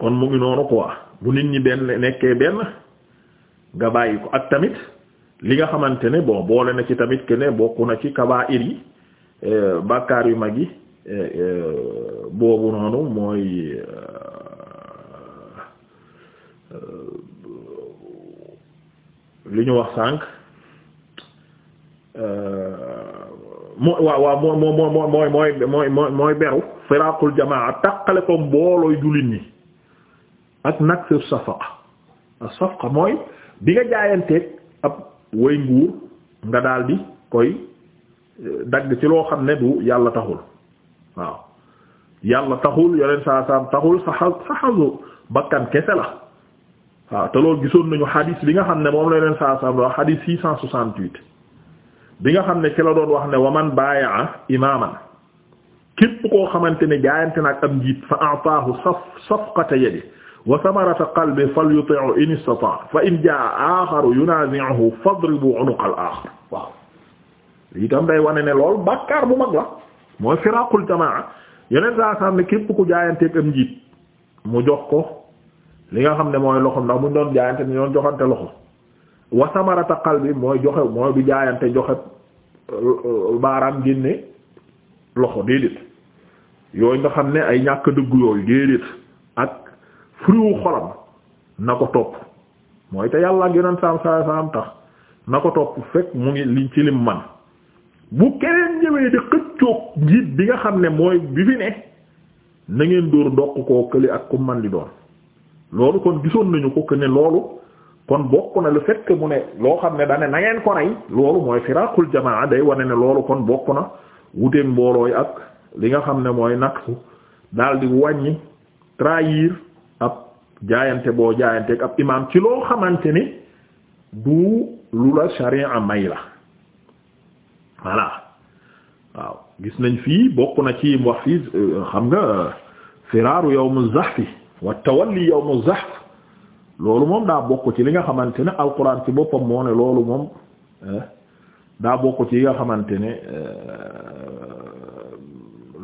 kon mu ngi noonu quoi bu nit ñi benn nekkee benn nga bàyyi ko ak tamit li nga xamante ne bon boole na ci tamit que ne bokku na ci kabaa'ir yi euh, bàkkaar yu mag yi euh, euh, boobu noonu mooy li ñu wax sànq moo waaw waaw moo moo moo mooy mooy mooy mooy beru firaaqul jamaa taqale ko mboolooy jullit ñi ak naksir safaqa ak safaqa mooy bi nga jaayanteeg ab way nguur nga daal di koy eh, dagg ci loo xam ne du yàlla taxul waaw yàlla taxul yoneen saa saam taxul sa xas sa xasu bakkan kese la waaw te loolu gisoon nañu xadis bi nga xam ne moom la yoneen saa saam wax xadis six cent soixante-huit bi nga xam ne ci la doon wax ne waman baayaa imaaman képp koo xamante ne jaayante nag am njiit fa ataahu saf safqata yadi wa samarata qalbi falyuti'u in istata'a fa in jaa'a aaxaru yunaazi'uhu fadribu 'unuqa al-aaxar waaw lii day wane ne lool bàkkaar bu mag la mooy firaaqul jamaa yeneen saa xam ne képp ku jaayanteeg am njiit mu jox ko li nga xam ne mooy loxo ndax buñ doon jaayante ñu doon joxante loxo wa samarata qalbi mooy joxe mooy du jaayante joxe euh, baaraam génne loxo déedéet yooyu nga xam ne ay ñàkk dëgg yooyu déedéet ak. fruit xolam na ko topp mooy te yàlla ak yonent saam saam tax na ko topp fekk mu ngi li ci lim man bu keneen ñëwee di xëccoog njiit bi nga xam ne mooy bi fi ne na ngeen dóor ndox ko kële ak ku man di doon loolu kon gisoon nañu ko que ne loolu kon bokk na le fait mu ne loo xam ne dane nangeen ko rey loolu mooy firaqul jamaa day wane ne loolu kon bokk na wuteen mboolooy ak li nga xam ne mooy naqsu daal di wàññi trahir jaayante boo jaayanteeg ab imaam ci loo xamante ni du lu la sharia may la voilà waaw gis nañ fii bokk na ci wax fii xam nga firaaru yawmu zahfi wa tawalli yawmu zahf loolu moom daa bokk ci li nga xamante ne alquran ci boppam moo loolu moom eh, daa bokk ci yi nga xamante ne eh,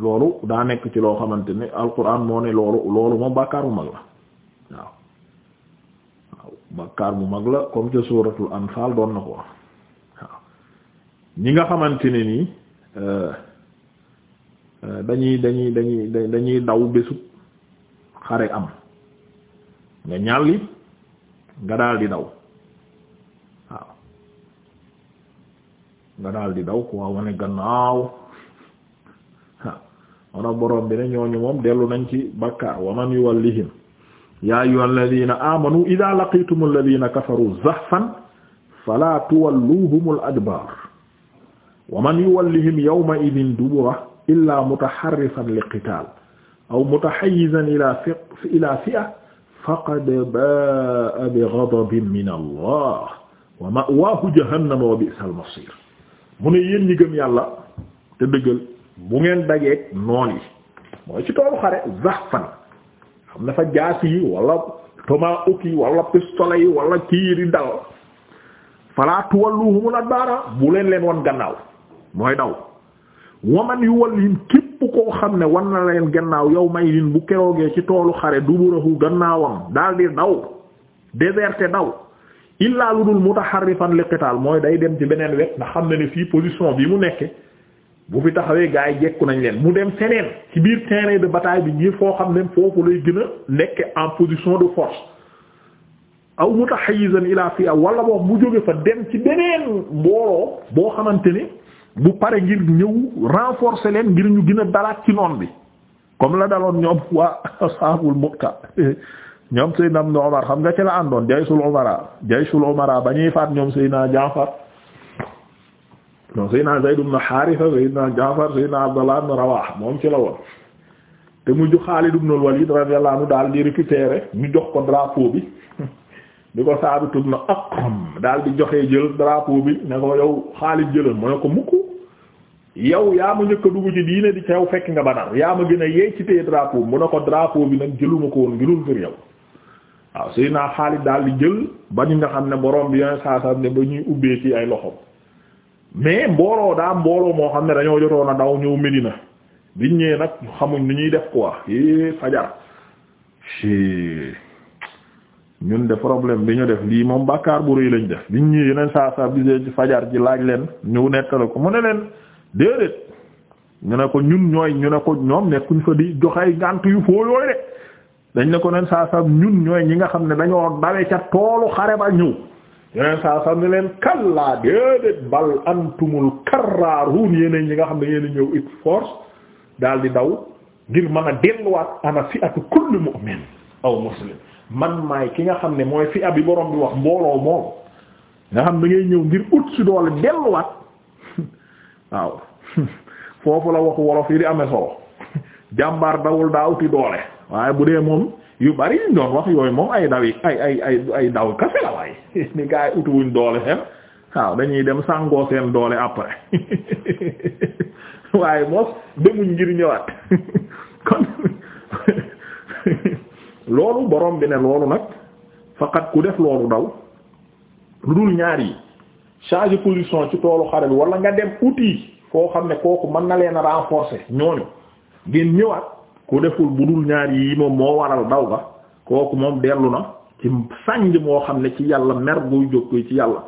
loolu daa nekk ci loo xamante ne alquran moo ne loolu loolu moom bàkkaaru mag waaw waaw bu mag la comme ca suuratul anfaal doon na ko wax waaw ñi nga xamante ne nii euh, euh, dañuy dañuy dañuy dañuy daw bésu xare am nga ñàlli nga daal di daw waaw nga daal di daw ku waa wane gannaaw waaw wana borom bi ne ñooñu moom dellu nañ ci bakkaar waman yuwallihim yaa ayyuhal ladina amanu idha laqitumul ladina kafaru zahfan fala tuwalluhumul adbar wa man yuwallihim yawma idin dubura illa mutaharrifan liqitaal aw mutahayyizan ila ila fi'a faqad baa'a bighadabin min allah wa ma'waahu jahannama wa bi'sal masiir mu ne yéen ñi gëm yàlla te dëggal bu ngeen dajeek noon yi mooy ci toolu xare zahfan am na fa jaas yi wala tomahawk yi wala yi wala kii yi di dal falaa tuwalluhumul adbaara bu leen leen wan gannaaw mooy daw waman yu wallin képp koo xam ne wan na leen gannaaw yow may lin bu keroogee ci toolu xare du duburahu gannaawam daal di daw déserté daw illaa lu dul mutaharrifan liqitaal mooy day dem ci beneen wet ndax xam ne ne fii position bi mu nekke bu fi taxawee gaa yi jekku nañ leen mu dem feneen ci biir terrain de bataille bi ngir foo xam ne foofu lay gën a nekk en position de force aw mutahayyizan ila fi aw wala boo mu jóge fa dem ci beneen mbooloo boo xamante ne bu pare ngir ñëw renforcer leen ngir ñu gën a dalaat ci noon bi comme la daloon ñoom waa ashabul Mu'ta ñoom Seydina Omar xam nga ci la àndoon jaysul umara jaysul umara ba ñuy faat ñoom Seydina Jaafar non Seydina na ibn Haarisa Seydina Jaafar Seydina Abdallah ibn Rawaaha moom ci la woon te mujj Xaalid ibn al-Waliid radiyallahu anhu daal di récupérer ñu jox ko drapeau bi di ko Saabit ibn Aqram daal di joxe jël drapeau bi ne ko yow Xaalid jëlal mu ne ko mukk yow yaa ma njëkk a dugg ci diine di teew fekk nga Badar yaa ma gën a yey ci téye ne ko drapeau bi nag jëluma ko woon ngirul ngir yow waaw Seydina Xaalid daal di jël ba ñu nga xam ne borom bi ñuy ubbee ci ay loxoom. mais mbooloo daa mbooloo moo xam ne dañoo jotoon a daw ñëw Medina biñ ñëwee nag xamuñ nu ñuy def quoi eh fajar ci ñun de problème bi ñu def lii moom bàkkaar bu rëy lañ def biñ ñëwee yeneen saa bi bisee ci fajar ji laaj leen ñu nettale ko mu ne leen déedéet ñu ne ko ñun ñooy ñu ne ko ñoom nekkuñ fa di joxay ngànt yu foo yooyu de dañ ne ko neen saa saa ñun ñooy ñi nga xam ne dañoo dawe ca toolu xare ba ñëw. yeneen saa sax ni leen kallaa déedéet bal antumul karraaruun yeneen ñi nga xam ne yéen ñëw it force daal di daw ngir mën a delluwaat ana fi atu kulli mu'min aw muslim man maay ki nga xam ne mooy fi abi borom bi wax mbooloo moom nga xam da ngay ñëw ngir ut si doole delluwaat waaw foofu la waxu wolof yi di amee solo jàmbaar dawul daa uti doole waaye bu dee moom yu bari ñu doon wax yooyu moom ay daw yi ay ay ay daw kase la waaye ni gaa yi utuwuñ doole seen waaw dañuy dem sàngoo seen doole après waaye moos demuñ ngir ñëwaat kon loolu borom bi ne loolu nag faqat ku def loolu daw lu dul ñaar yi changer position ci toolu xare bi wala nga dem outil foo xam ne kooku mën na leen a renforcer ñooñu ngeen ñëwaat ku deful budul ñaar yi moom moo waral daw ga kooku moom dellu na ci sànj moo xam ne ci yàlla mer guy jóg ci yàlla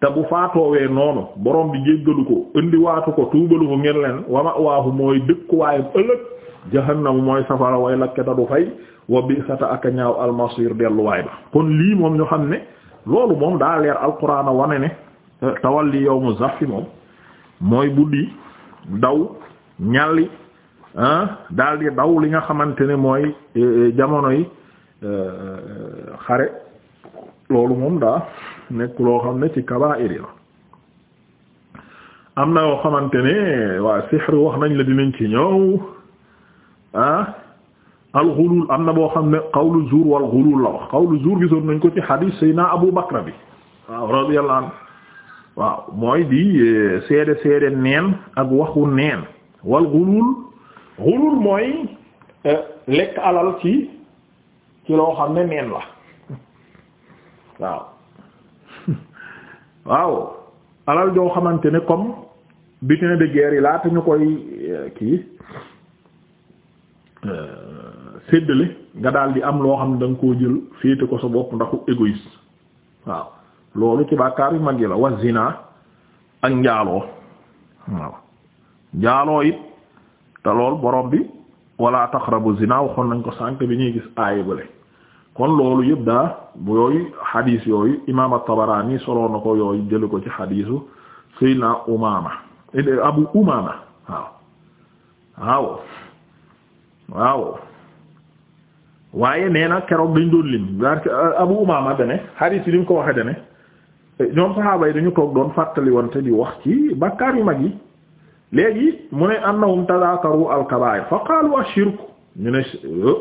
te bu faatoowee noonu borom bi jéggalu ko indiwaatu ko tuubalu ko ngeen leen wama waahu mooy dëkkuwaayam ëllëg jahannamu mooy safara way lakke ta du fay wa bi sata ak ñaaw almasir delluwaay ba kon lii moom ñu xam ne loolu moom daa leer alquraan a wane ne eh, tawalli yawmu zafi moom mooy buddi daw ñalli daal di daw li nga xamante ne mooy eh, eh, jamono yi eh, xare loolu moom daa nekk loo xam ne ci kabaa'ir la am na yoo xamante ne waa sihr wax nañ la dinañ ci ñëw ah alxulul am na boo xam ne qawlu zuur wal xulul la wax qawlu zuur gisoon nañ ko ci xadiis sayna Abu Bakra bi waaw radiyallahu anhu waaw mooy di seede seede neen ak waxu neen wal xulul xulul mooy euh, lekk alal ci ci loo xam ne neen la waaw waaw alal joo xamante ne comme butin de guerre yi laata ñu koy euh, kii euh, séddale nga daal di am loo xam ne da koo jël féete ko sa bopp ndaxu égoïste waaw loolu ci bàkkaar yu mag yi la wa ak njaaloo waaw njaaloo it te lool boroom bi wala taqrabu zina waxoon nañ ko sànq bi ñuy gis aaya bale kon loolu yëpp daa bu yooyu xadiis yooyu imaam at-Tabarani soloo na ko yooyu jëli ko ci xadiisu Seydina Umaama Abu Umaama waaw waaye nee na keroog dañ doon lim barke euh, Abu Umaama dane xadiis yi li ko waxe dane ñoom saxaaba yi dañu toog doon fàttali wante di wax ci bakkaar yu mag yi léegi mu ne annahum tadakaru alkabair fa qaalu ashirku ñu ne euh,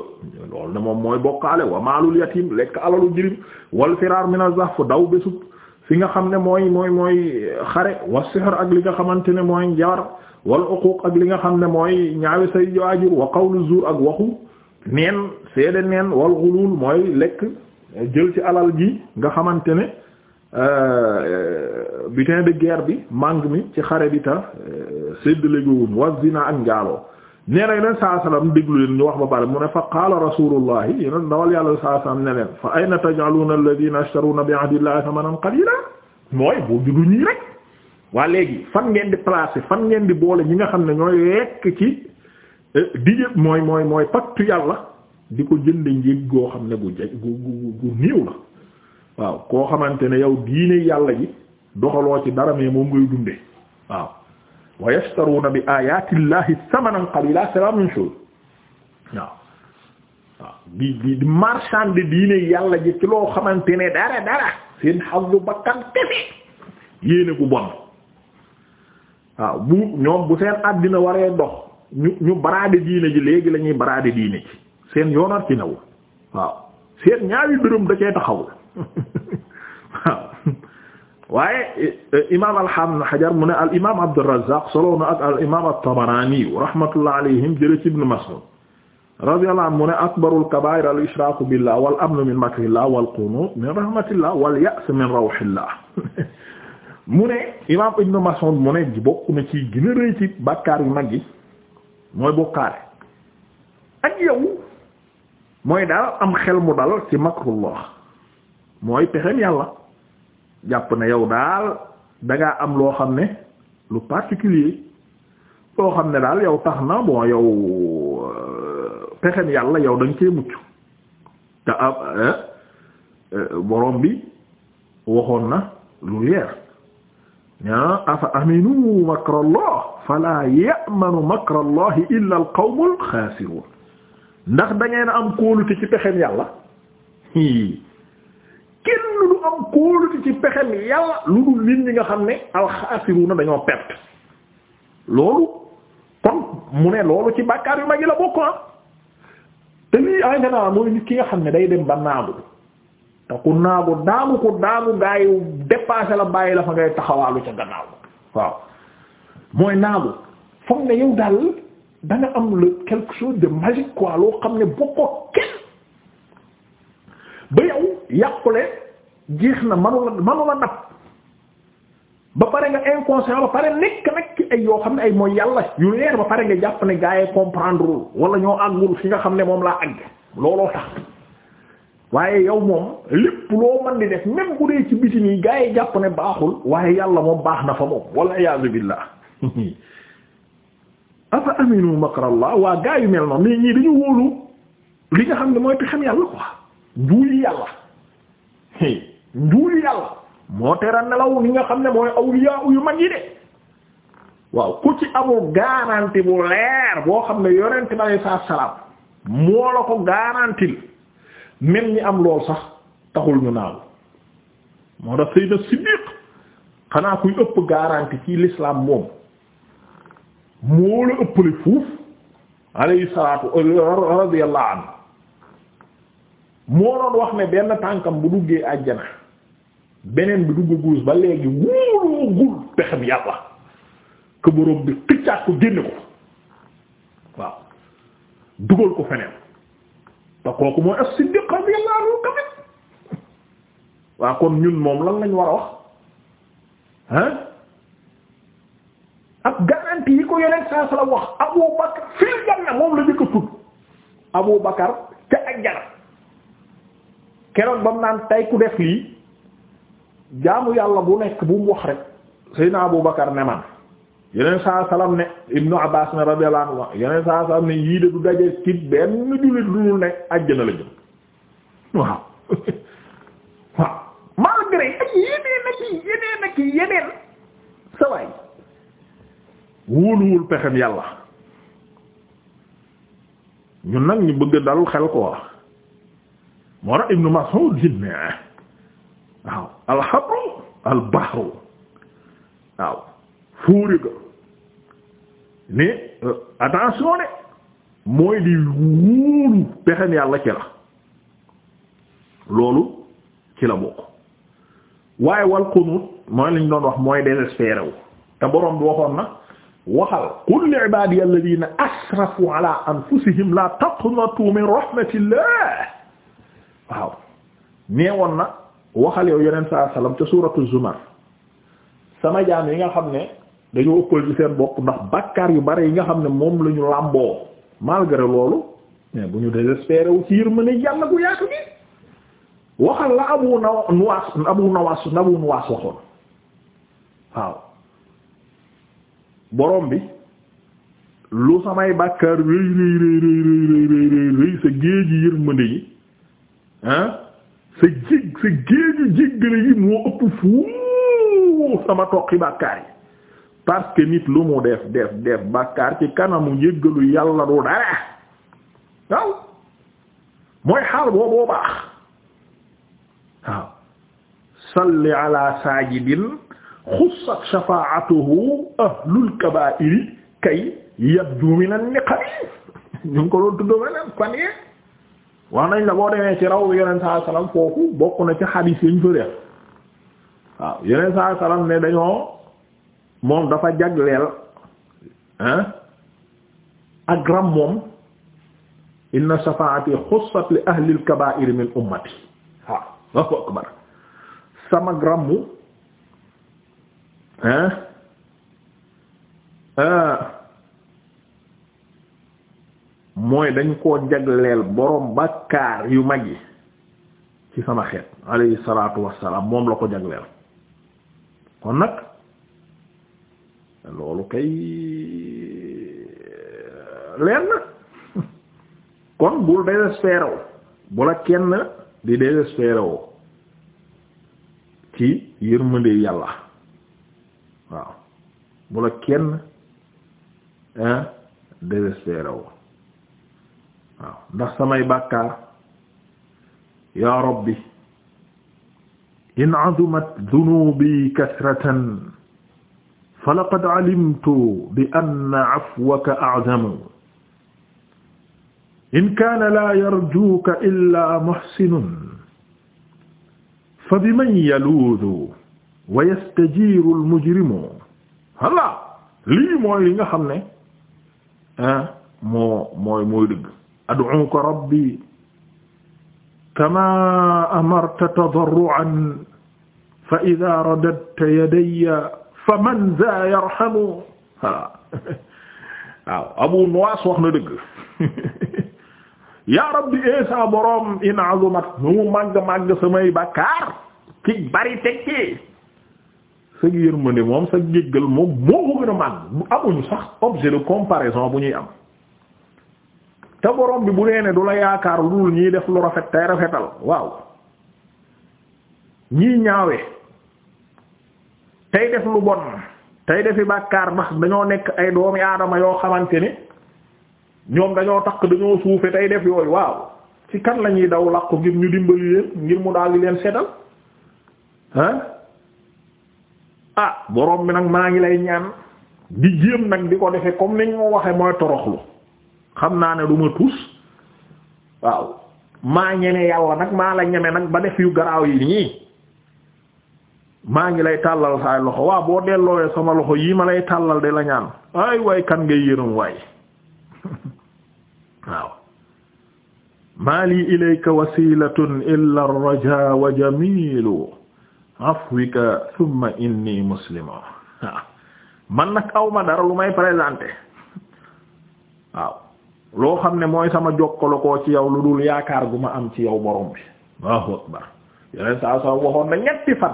loolu ne moom mooy bokkaale wa maalul yatim lekk alalu jirim wal firaar min azaf daw bésub fi nga xam ne mooy mooy mooy xare wa sihr ak li nga xamante ne mooy njabar wal uquq ak li nga xam ne mooy ñaawe say waajur wa qawlu zuur ak waxu neen seede neen wal xuluul mooy lekk jël ci alal ji nga xamante ne euh, butin de guerre bi mang mi ci xare bi ta euh, séddale goowun wa zina ak njaaloo nee na yeneen saa salaam déglu leen ñu wax ba pare mu ne fa qaala rasulullahi yeneen dawal yàlla saa salaam ne leen fa ayna taj'aluna alladhina yashtaruna bi ahdillahi thamanan qalila mooy boo judu ñii rek waa léegi fan ngeen di placer fan ngeen di boole ñi nga xam ne ñooy lekk ci euh, dige mooy mooy mooy pactu yàlla di ko jënd njëg goo xam ne gu ja gu gu gu néew la waaw koo xamante ne yow diine yàlla ji doxaloo ci dara mais moom ngay dunde waaw bi ayati llahi thamanan qalila c'est la même waaw waaw di di di marchande diine yàlla ji ci loo xamante ne dara dara seen xasu bakkan tefi yéene ku bon waaw bu ñoom bu seen àddina waree dox ñu ñu baraade diine ji léegi lañuy ñuy baraade diine ji seen yoonar ci new waaw seen ñaawi dërëm da cee taxawul waaye e, e, imaam alxaam na xajar mu ne al imaam Abdurrazzaq solo na ak al imaam at-Tabarani rahmatullah alayhim jële ci Ibn Mas'ud radiyallahu anhu mu ne akbarul kabaa'ir al ishraaku billah wal amnu min makrillah wal qunuut min rahmatillah wal ya's min rawhillah mu ne Ibn Mas'ud mu ne bokk na ci gën a rëy ci yu mag yi mooy bokkaale ak yow mooy daal am xel mu dal ci makrullah mooy jàpp na yow daal da am loo xam ne lu particulier loo xam ne daal yow tax na bon yow euh, pexem yàlla yow dañ nga cee mucc te am euh, euh, borom bi waxoon na lu leer afa aminu makrallah fala ya'manu makrallahi illa al qawmul xaasirun ndax da am kóolute ci pexem yàlla kenn lu am kóoluti ci pexem yàlla lu dul nit ñi nga xam ne alxaasiruna dañoo perte loolu kon mu ne loolu ci bàkkaar yu mag yi la bokk ah te lii en général mooy nit ki nga xam ne day dem ba naagu te ku naagu daagu ku daagu gaa yi la bàyyi la fa ngay taxawaalu ca gannaaw waaw mooy naagu foog ne yow daal da am le quelque chose de magique quoi loo xam ne bokkoo kenn ba yow yàqule jeex na manu la manu la nap ba pare nga inconscient ba pare nekk nag ci ay yoo xam ne ay mooy yàlla yu leer ba pare nga jàpp ne gaa yi comprendre wala ñoo àggul fi nga xam ne moom laa àgg looloo tax waaye yow moom lépp loo mën di def même bu dee ci biti yi gaa yi jàpp ne baaxul waaye yàlla moom baax na fa moom wala iyaazu billaah afa aminu makrallah waa gaa yu mel noonu nii ñii dañu wóolu li nga xam ne mooy pexem yàlla quoi njuuyi yàlla njuuyi yàlla moo tera nelaw ni nga xam ne mooy awliya yu mag yi de waaw ku ci amul garanti bu leer boo xam ne yonent bi alei salaatu salaam moo la ko garantie même ñi am lool sax taxul ñu naagu moo tax Sayyidna Siddiq xanaa kuy ëpp garantie ci lislaam moom moo la ëppale fuuf alayhi salaatu radiyallahu moo doon wax ne benn tànkam bu duggee àjjana beneen bi dugg guus ba léegi wóoloo gul pexem yàlla que borom bi xiccaat ko génne ko waaw dugal ko feneen te kooku mooy as-Siddiq radiyallahu anhu tamit waaw kon ñun moom lan lañ war a wax ah ak garantie yi ko yeneen saa sala wax Abu Bakar fil janna moom keroog ba mu naan tey ku def lii jaamu yàlla bu nekk bu mu wax rek Seydina Abu Bakar ne man yeneen saa salaam ne Ibnu Abbaas ne radiyallahu anhu yeneen saa salaam ne yii de du daje ci benn jullit lu dul ne àjjana la jëm waaw waaw malgré yeneen ak yeneen ak yeneen sa waay wóoluwul pexem yàlla ñun nag ñu bëgg dal xel ko wax moo tax Ibn Mas'ud jinne waaw alxabru albahru waaw fuuri ga ni euh, attention de di wóolu pexem yàlla ci la loolu ci la bokk waaye wal qunut mooy lañ doon wax mooy désespéré wu te bi waxoon waxal qul li ibadiya alladhina asrafu ala anfusihim la taqnatu min rahmatillah waaw neewoon na waxal yow yeneen saa salaam ca suuratu zumar sama jaam yi nga xam ne dañoo ëppal ci seen bopp ndax bakkaar yu bare yi nga xam ne moom lañu làmboo malgré loolu mais bu ñu désespéré wu ci yërmande yàlla gu yaatu gi waxal la abu nawaas abu nawaas abu nawaas waxoon waaw borom bi lu samay bakkaar rëy rëy rëy rëy rëy rëy rëy sa géej yërmande yi ah sa jig sa géeju jéggale yi moo ëpp fuuf sama toqi bàkkaar yi parce que nit lu mu def def def bàkkaar ci kanamu jéggalu yàlla du dara mooy xaal booboo baax waaw salli ala saajidin xussat shafaa'atuhu ahlul kabaa'iri kay yabdu min an-niqam ñu ngi ko doon tudd beneen fan wax nañ la boo demee ci raw yeneen saa salaam foofu bokk na ci xadiis yi ñu fa waaw yeneen saa salaam ne dañoo moom dafa jagleel ak ram moom inna shafaati xussat li ahli al-kabaa'ir min ummati waaw Allahu akbar ah mooy dañ koo jagleel borom kaar yu mag yi ci sama xeet alayhi salaatu wassalaam moom la ko jagleel kon nag loolu kay euh, leen na kon bul désespéré bu la kenn di désespéré wu ci yërmande yàlla waaw bu la kenn désespéré waaw ndax samay bàkkaar yaa rabbi in azumat dunubi kasratan fa laqad alimtu bi anna afwaka a'zamu in kaana laa yarjuuka illaa muhsinun fa biman yaluudu wa yastajiiru al-mujrimu hala lii mooy li nga xam ne ah moo mooy mooy dëgg ad'uka rabbi kama amarta tadarru'an fa idha radadta yadayya faman dha yarhamu waaw waaw Abu Nuwas wax na dëgg ya rabbi esa eh, boroom in azumat nu mu màgg-màgg samay bàkkaar ci bari tekki sa yërmande moom sa jéggal moom moo ko gën a màgg amuñu sax objet de comparaison bu ñuy am te borom bi bu nee ne du la yaakaar lu dul ñiy def lu rafet tey rafetal waaw ñii ñaawe tey def lu bon tey defi bàkkaar ndax dañoo nekk ay doomi aadama yoo xamante ne ñoom dañoo takk dañoo suufe tey def yooyu waaw ci kan la ñuy daw làqu ngir ñu dimbali leen ngir mu daal di leen setal ah ah borom bi nag maa ngi lay ñaan di jéem nag di ko defe comme ni ñu waxee mooy toroxlu xam naa ne du ma tuus waaw maa ñeme yàlla nag maa la ñeme nag ba def yu garaaw yi nii maa ngi lay tàllal saay loxo waaw boo delloowee sama loxo yii ma lay tàllal de la ñaan ay waay kan ngay yërëm waay waaw maa lii ilayka wasilatun illa ar-rajaa wa jamilu afwika thumma inni muslimun man nag awma dara lu may présenter waaw loo xam ne mooy sama jokkalo ci yow lu dul yaakaar gu ma am ci yow borom bi Allahu akbar yeneen saa saa waxoon na ñetti fan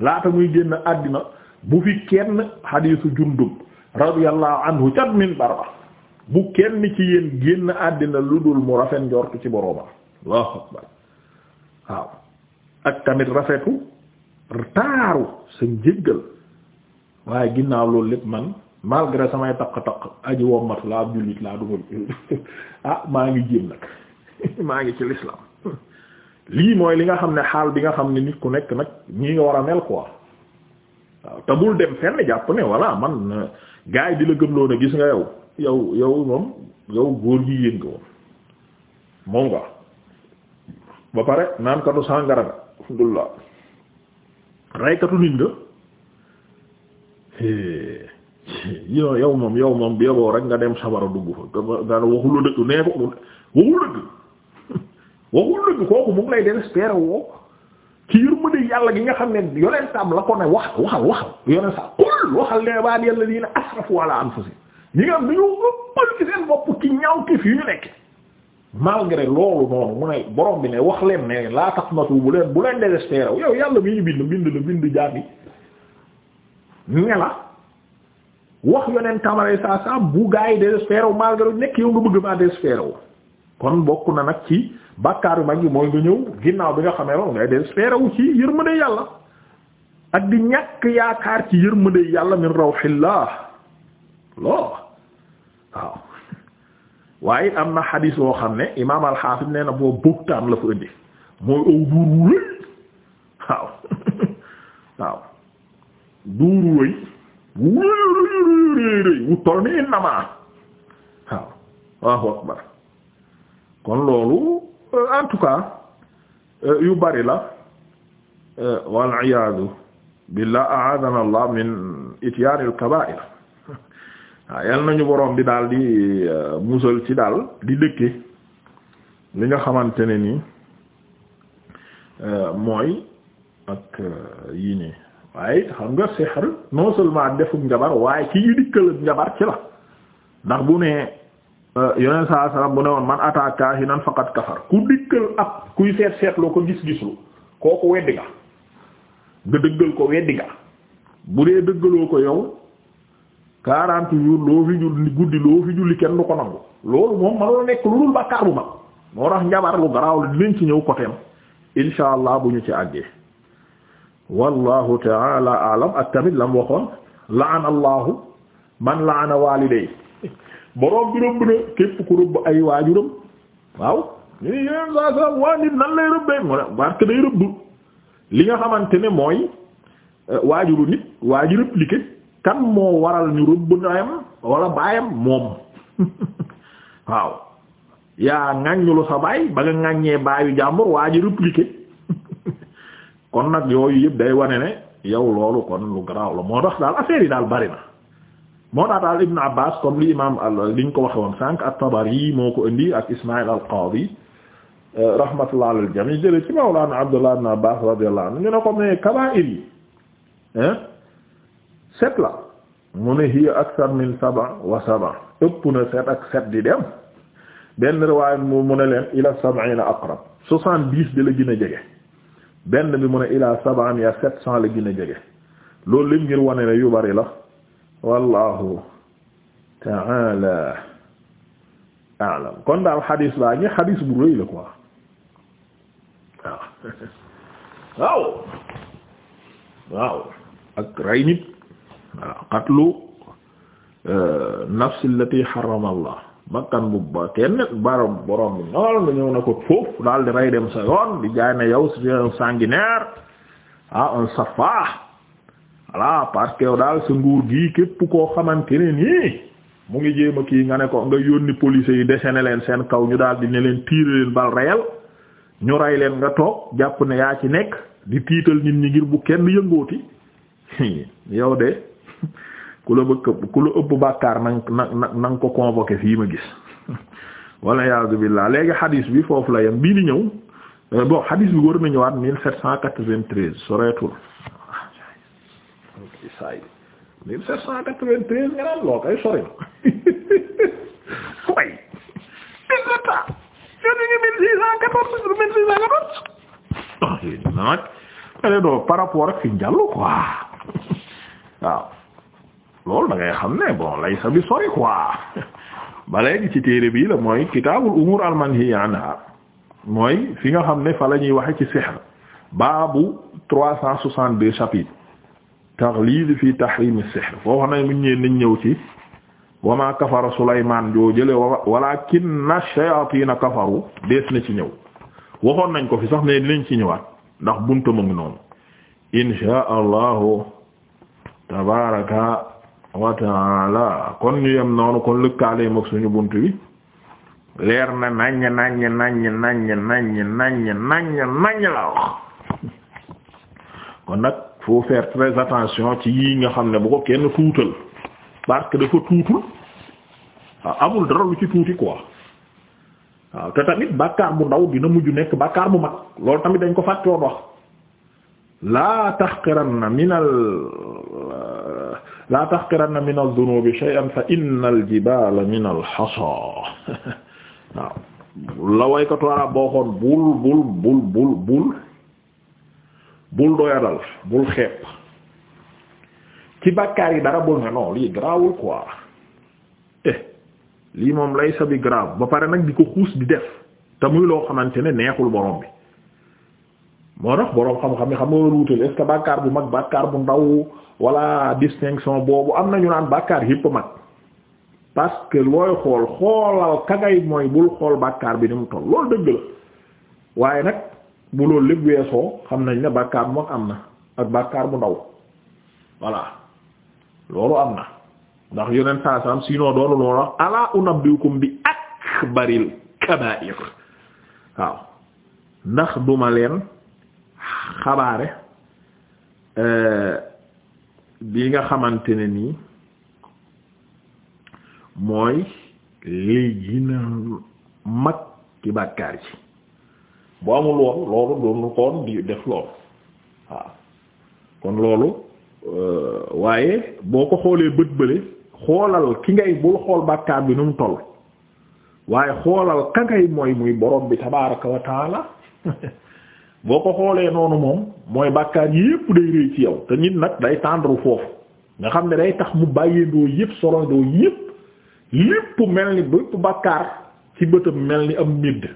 laata muy génn àddina bu fi kenn xadiisu Jundub radiyallahu anhu cat min bu kenn ci yéen génn àddina lu dul mu rafet njortu ci boroomam waaw ak tamit rafetu taaru sa njëggal waaye ginnaaw loolu lépp man malgré samay taq-taq aji wommat laa jullit laa duma ah maa ngi jéem nag maa ngi ci l'islam lii mooy li nga xam ne xaal bi nga xam ne nit ku nekk nag ñii nga war a mel quoi waaw te dem fenn jàpp ne voilà man gars yi di la gëmloo ne gis nga yow yow yow góor gi yéen nga woon moom nga ba pare naan sàngara nga reykatu nit nga yow yow moom yow moom yoboo rek nga dem sabara dugg fa nga waxul dëgg nee ko waxul dëgg waxul dëgg kooku mu ngi lay woo ci yërmande yàlla gi nga xam ne yonentam la ko ne wax waxal waxal yonent sa qul waxal lee baa yàlla diina asrafu ala anfusih ñi nga ñu nekk malgré loolu noonu mu ne borom bi ne wax leen ne laa taqnatu bu leen bu leen désespéré yow yàlla mi ñu bind bind la bind jaam yi ne wax yoneen tamare saa saa bu gaa yi désespéré wu malgré nekk yow nga bëgg maa désespéré wu kon bokk na nag ci bàkkaar yu mag yi mooy nga ñëw ginnaaw bi nga xamee loolu ngay désespéré wu ci yërmande yàlla ak di ñàkk yaakaar ci yërmande yàlla min rawxillah loo waaw waaye am na xadiis boo xam ne imaam alxaafis nee na boo buktaan la fa indi mooy aw duur wu waaw waaw duur wëy wu réy wu toll ni innamaa akbar kon loolu euh, en tout cas euh, yu bari la euh, wal iyaadu billah aadana allah min ityaani al kabaa'ir waaw ah, yal nañu boroom bi daal di musal ci daal di dëkke li nga xamante ne nii mooy ak yii waaye xam nga sihr non seulement defuk njabar waaye ki ñu dikkal njabar ci la ndax bu ne euh, yoneen saa salaam bu ne woon man ataa kaahinan faqad kafar ku dikkal ab kuy seet seetloo ko gis-gislu kooku weddi nga nga dëggal ko weddi nga bu dee dëggaloo ko yow quarante jours loo fi julli guddi loo fi julli kenn du ko nangu loolu moom manula nekk lu dul bàkkaar bu mag moo tax njabar lu garaaw la dinañ ci ñëw côté am bu ñu ci àggee wallahu taala alam ak tamit lam waxoon laana allahu man laana waliday boroom bi rëbb na képp ku rëbb ay waajuram waaw ñu ne saa saa waa nit nan lay rëbbee mu ne parce que day rëbb li nga xamante ne mooy euh, waajuru nit waaju répliqué kan moo waral ñu rëbb ndayam wala baayam moom waaw yaa ŋàññulu sa baay ba nga ŋàññee baayu jàmbur waaju répliqué kon nag yooyu yëpp day wane ne yow loolu kon lu garaaw la moo tax daal affaire yi daal bari na moo tax daal Ibn Abbas comme li imam liñ ko waxe woon sànq at-Tabari moo ko indi ak Ismaïl al-Qadi euh, rahmatullah alal jami jële ci mawlana Abdullah ibn Abbas radiyallahu anhu ñu ne ko mais kaba'ir yi hein set la mu ne hiya akthar min na set ak set di dem benn riwaaya mu ne leen ila sab'ina aqrab soixante-dix di la gën a jege benn bi mu ne ilaa sab'a mi'a sept cent la gën a jege loolu lim ngir wane ne yu bari la wallahu ta'ala a'lam kon daal xadiis baa ngi xadiis bu rëy la quoi waaw waaw ak rey nit waaw qatlu euh, nafs allati harrama Allah bakkan bu ba kenn barom borom bi nool nga ñëw na ko foofu daal di rey dem sa yoon di jaay ne yow c'est un sanguinaire ah un safa voilà parce que yow daal sa nguur gi képp koo xamante ne nii mu ngi jéem a kii nga ne ko nga yónni police yi déchaîner leen seen kaw ñu dal di ne leen tirer leen bal réel ñu rey leen nga toog jàpp ne yaa ci nekk di tiital nit ñi ngir bu kenn yëngooti yow de ku la bëgg ku la ëpp bàkkaar na nga na ko convoqué fii ma gis wala yaazu billah léegi xadis bi foofu la yem bii di ñëw euh, bon xadis bi war na ñëwaat mille sept cent quatre-vingt-treize soreetul say mille sept cent quatre-vingt-treize nga naan loo koy sori par rapport ak fi njàllu quoi waaw loolu da xam ne bon lay sa bi sori quoi ba ci téere bii la mooy kitaabul umur al manhi anha mooy fi nga xam ne fa la ñuy waxe ci sihr baabu trois cent soixante deux chapitre taghliz fi tahrim as-sihr foo xam ne mu ñëwee nañ ñëw ci wa ma kafara Sulaymaan joo jële walaakinna ash-shayaatiina kafaru dees na ci ñëw waxoon nañ ko fi sax ne dinañ ci ñëwaat ndax buntu mu ngi noonu inshaa Allahu tabaaraka wa ta'ala kon ñu yem noonu kon lëkkaale mag suñu bunt bi leer na naññ naññ naññ naññ naññ naññ naññ naññ la wax kon nag faut faire très attention ci yii nga xam ne bu ko kenn tuutal parce que dafa tuutul waaw ah, amul dara lu ci tuuti quoi waaw ah, te tamit bàkkaar bu ndaw dina mujj nekk bàkkaar bu mag loolu tamit dañ ko fàttewoon wax laa tahqiranna minal la tahqiranna min az-zunubi shay'an fa innal jibala min al-hasa waaw la waykatu arab boo xoon bul bul bul bul bul bul doyadal bul xeeb ci bàkkaar yi dara bul ne non lii grawul quoi eh lii moom lay sa bi grave ba pare nag di ko xuus di def te loo xamante ne neexul borom bi moo tax boroom xam-xam yi xam nga wuutale est-ce que bàkkaar bu mag bàkkaar bu ndaw wala distinction boobu am na ñu naan bàkkaar yépp mag parce looy xool xoolal ka mooy bul xool bàkkaar bi ni mu toll loolu dëgg la waaye nag bu loolu lépp weesoo xam nañ ne bàkkaar bu am na ak bàkkaar bu ndaw voilà loolu am na ndax yeneen saasam sinon doonu loolu wax ala unabbiukum bi akbaril kabaa'ir waaw ndax duma leen xabaare euh, bi nga xamante ne nii mooy li gina mag ci bàkkaar yi bu amul woon loolu doonu koon di def loolu waaw kon loolu euh, waaye boo ko xoolee bët bële xoolal ki ngay bul xool bàkkaar bi nu mu toll waaye xoolal ka ngay mooy muy borom bi tabaaraka wa taala boo ko xoolee noonu moom mooy bàkkaar yépp day rëy ci yow te nit nag day tendre foofu nga xam ne day tax mu bàyyeendoo yépp solondoo yépp lépp mel ni bépp bàkkaar ci bëtam mel ni am midd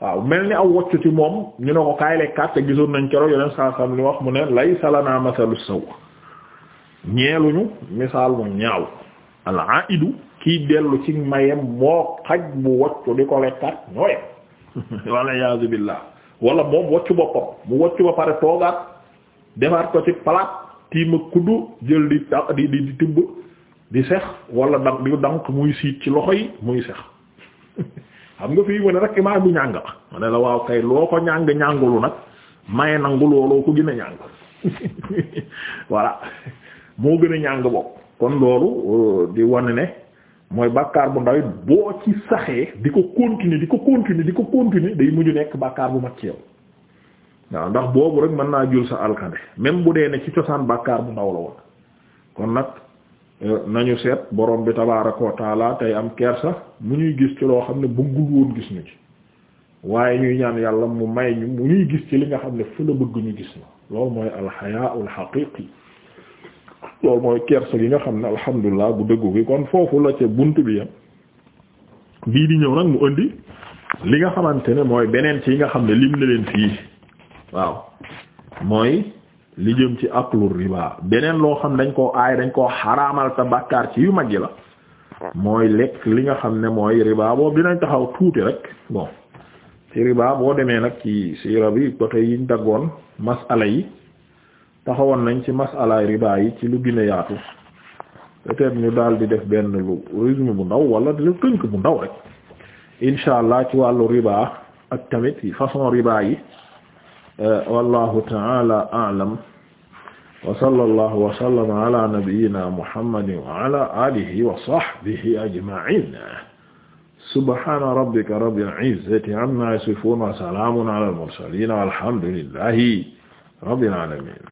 waaw mel ni aw woccu ci moom ñu ne ko kaay lekkaat te gisoon nañ coro yeneen saa sam li wax mu ne lay salanaa masalu saw ñeeluñu misaal mu ñaaw al aidu kiy dellu ci mayem moo xaj bu woccu di ko lekkaat ñoo yem walla yaazu billaah wala moom waccu boppam mu wocc ba pare toogaat defaat ko ci palaat tiima kuddu jël di di di di tibb di sex wala dank di dank muy siit ci loxo yi muy sex xam nga fii mu ne rek image bu ñàng la ma ne la waaw kay loo ko ñàng ñàngulu nag maye nangu looloo ko gën a ñàng voilà moo gën a ñàng bopp kon loolu euh, di wane ne mooy bàkkaar bu ndaw it boo ci saxee di ko continuer di ko continuer di ko continuer day mujj nekk bàkkaar bu mag ci yow waaw ndax boobu rek mën naa jul sa alkande même bu dee ne ci cosaan bàkkaar bu ndaw la woon kon nag eh, nañu seet borom bi tabaaraka wa tey am kersa mu ñuy gis ci loo xam ne bëggul woon gis ñu ci waaye ñuy ñaan yàlla mu may ñu mu ñuy gis ci li nga xam ne fu la bëgg ñu gis na loolu mooy alxayaul xaqiqi loolu mooy kersa gi nga xam ne alhamdulilah bu dëggu gi kon foofu la ca bunt bi yam bii di ñëw nag mu indi li nga xamante ne mooy beneen ci yi nga xam ne lim na leen fii waaw mooy li jëm ci aklu riba beneen loo xam dañ koo aay dañ koo xaraamal ta bàkkaar ci yu mag yi la mooy lekk li nga xam ne mooy riba boobu dinañ taxaw tuuti rek bon ci riba boo demee nag ci si siira yi côté yiñ daggoon masala yi taxawoon nañ ci masalaay riba yi ci lu gën a yaatu peut-être ñu daal di def benn lu résumé bu ndaw wala lu tënk bu ndaw rek incha allah ci wàllu riba ak tamit façon riba yi euh, wallahu taala a'lam wa sallallahu wa sallama ala nabiyyina muhammadin wa ala alihi wa sahbihi ajma'in subhana rabbika rabbil izzati amma yasifun wa salamun ala al mursalin walhamdulillahi rabbil alamin